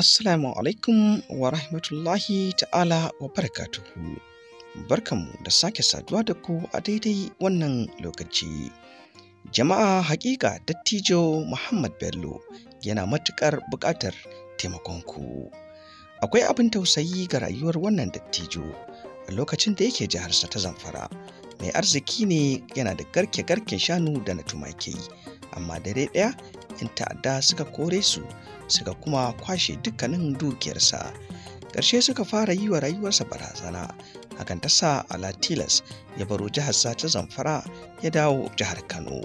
Assalamu alaikum wa rahmatullahi ta'ala wa barakatuhu. Barkanmu da sake saduwa da ku a daidai wannan lokaci. Jama'a hakika dattijo Muhammad Bello yana matuƙar buƙatar taimakonku. Akwai abin tausayi ga rayuwar wannan dattijo a lokacin da yake jiharsa ta zamfara. Mai arziki ne yana da garke-garken shanu da na tumaki, amma dare ɗaya In ta'adda suka kore su suka kuma kwashe dukkanin dukiyarsa ƙarshe suka fara yi wa rayuwarsa barazana hakan ta sa alatilas ya baro jihar ta zamfara ya dawo jihar kano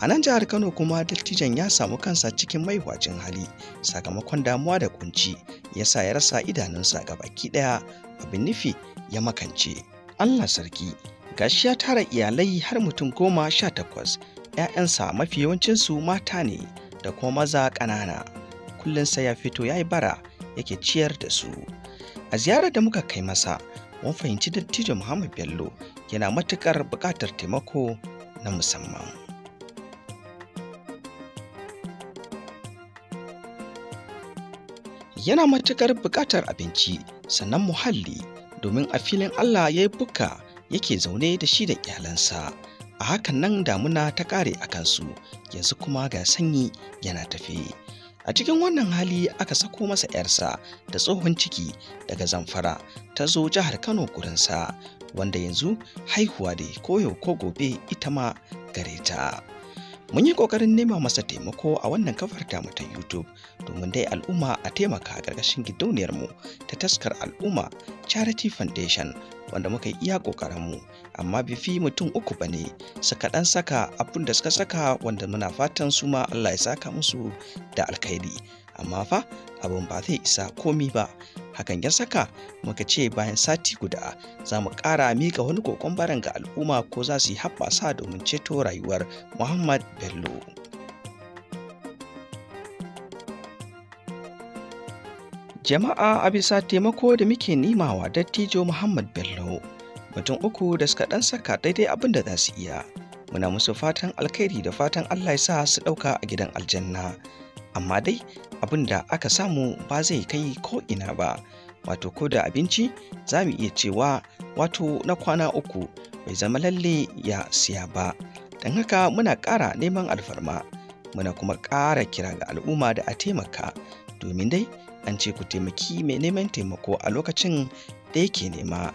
a nan jihar kano kuma dattijan ya samu kansa cikin maiwacin hali sakamakon damuwa da kunci ya sa ya rasa idanunsa ga baki ɗaya abin nufi ya makance allah sarki gashi ya tara iyalai har mutum goma sha takwas 'ya'yansa mafi yawancinsu mata ne da kuma maza ƙanana kullum sai ya fito ya yi bara yake ciyar da su a ziyarar da muka kai masa mun fahimci dattijo muhammad bello yana matuƙar buƙatar taimako na musamman yana matuƙar buƙatar abinci sannan muhalli domin a filin allah ya yi buka yake zaune da shi da iyalansa a hakan nan damuna ta ƙare a kansu yanzu kuma ga sanyi yana tafe a cikin wannan hali aka sako masa 'yarsa da tsohon ciki daga zamfara ta zo jihar kano kurinsa wanda yanzu haihuwa da koyo ko gobe ita ma gare ta. mun yi ƙoƙarin nema masa taimako a wannan kafar tamu ta YouTube domin dai al'umma a taimaka a ƙarƙashin gidauniyar mu ta taskar al'umma Charity Foundation wanda muka yi iya ƙoƙarin mu amma bifi mutum uku ba ne suka ɗan saka abin da suka saka wanda muna fatan su ma Allah ya saka musu da alkhairi amma fa abin ba zai isa komi ba hakan ya saka muka ce bayan sati guda za mu ƙara miƙa wani kokon baran ga al'umma ko za su yi haɓasa domin ceto rayuwar muhammad bello jama'a a bisa taimako da muke nimawa dattijo muhammad bello mutum uku da suka ɗan saka daidai abin da za su iya muna musu fatan alkhairi da fatan allah ya sa su ɗauka a gidan aljanna amma dai abin da aka samu ba zai kai ko ina ba wato ko da abinci za mu iya cewa wato na kwana uku bai zama lalle ya siya ba don haka muna ƙara neman alfarma muna kuma ƙara kira ga al'umma da a taimaka domin dai an ce ku taimaki mai neman taimako a lokacin da yake nema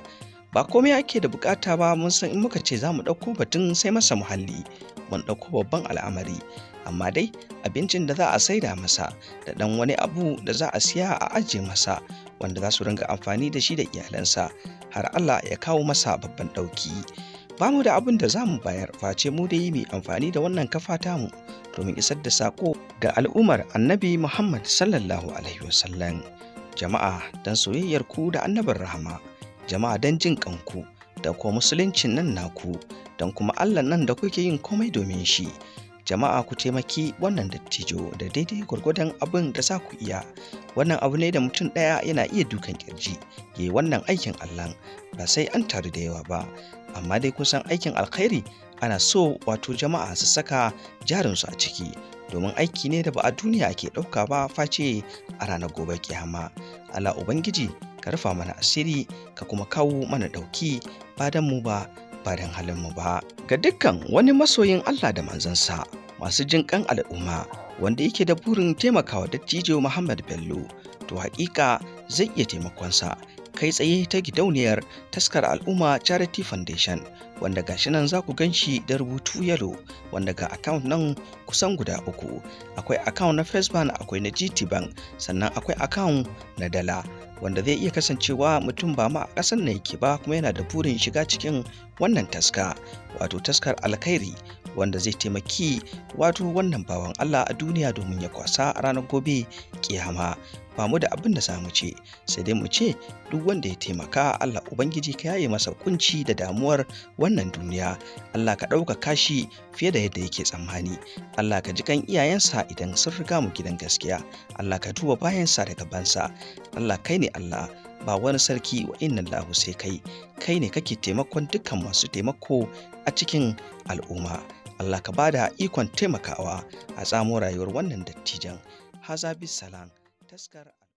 ba komai ake da bukata ba mun san in muka ce za mu ɗauko batun sai masa muhalli mun ɗauko babban al'amari amma dai abincin da za a saida masa da ɗan wani abu da za a siya a ajiye masa wanda za su ringa amfani da shi da iyalansa har Allah ya kawo masa babban ɗauki ba mu da abin da za mu bayar face mu dai mai amfani da wannan kafa mu, domin isar da sako ga al'ummar annabi Muhammad sallallahu alaihi wasallam jama'a don soyayyar ku da annabar rahama jama'a don jin kanku da kuma musuluncin nan naku don kuma allah nan da kuke yin komai domin shi jama'a ku taimaki wannan dattijo da daidai gwargwadon abin da za ku iya wannan abu ne da mutum ɗaya yana iya dukan kirji ya wannan aikin allah ba sai an taru da yawa ba amma dai kusan aikin alkhairi ana so wato jama'a su saka jarinsu a ciki domin aiki ne da ba a duniya ke ɗauka ba face a ranar gobe kiyama Allah Ubangiji ka rufa mana asiri ka kuma kawo mana ɗauki ba mu ba ba halin mu ba ga dukkan wani masoyin Allah da manzansa masu jin kan al'umma wanda yake da burin taimakawa dattijo Muhammad Bello to hakika zai iya taimakonsa kai tsaye ta gidauniyar taskar al'umma charity foundation wanda gashi nan za ku gan shi da rubutu yalo wanda ga account nan kusan guda uku akwai account na facebook akwai na GTBank sannan akwai account na dala wanda zai iya kasancewa mutum ba ma a ƙasan na yake ba kuma yana da burin shiga cikin wannan taska wato taskar alkhairi wanda zai taimaki wato wannan bawan Allah a duniya domin ya kwasa ranar gobe kiyama ba mu da abin da za mu ce sai dai mu ce duk wanda ya taimaka Allah ubangiji ka yaye masa kunci da damuwar wannan duniya Allah ka ɗauka kashi fiye da yadda yake tsammani Allah ka ji kan iyayensa idan sun riga mu gidan gaskiya Allah ka duba bayansa da gabansa Allah kai ne Allah ba wani sarki wa inna lahu sai kai kai ne kake taimakon dukkan masu taimako a cikin al'umma Allah ka bada ikon taimakawa a tsamo rayuwar wannan dattijan hazabi salam scar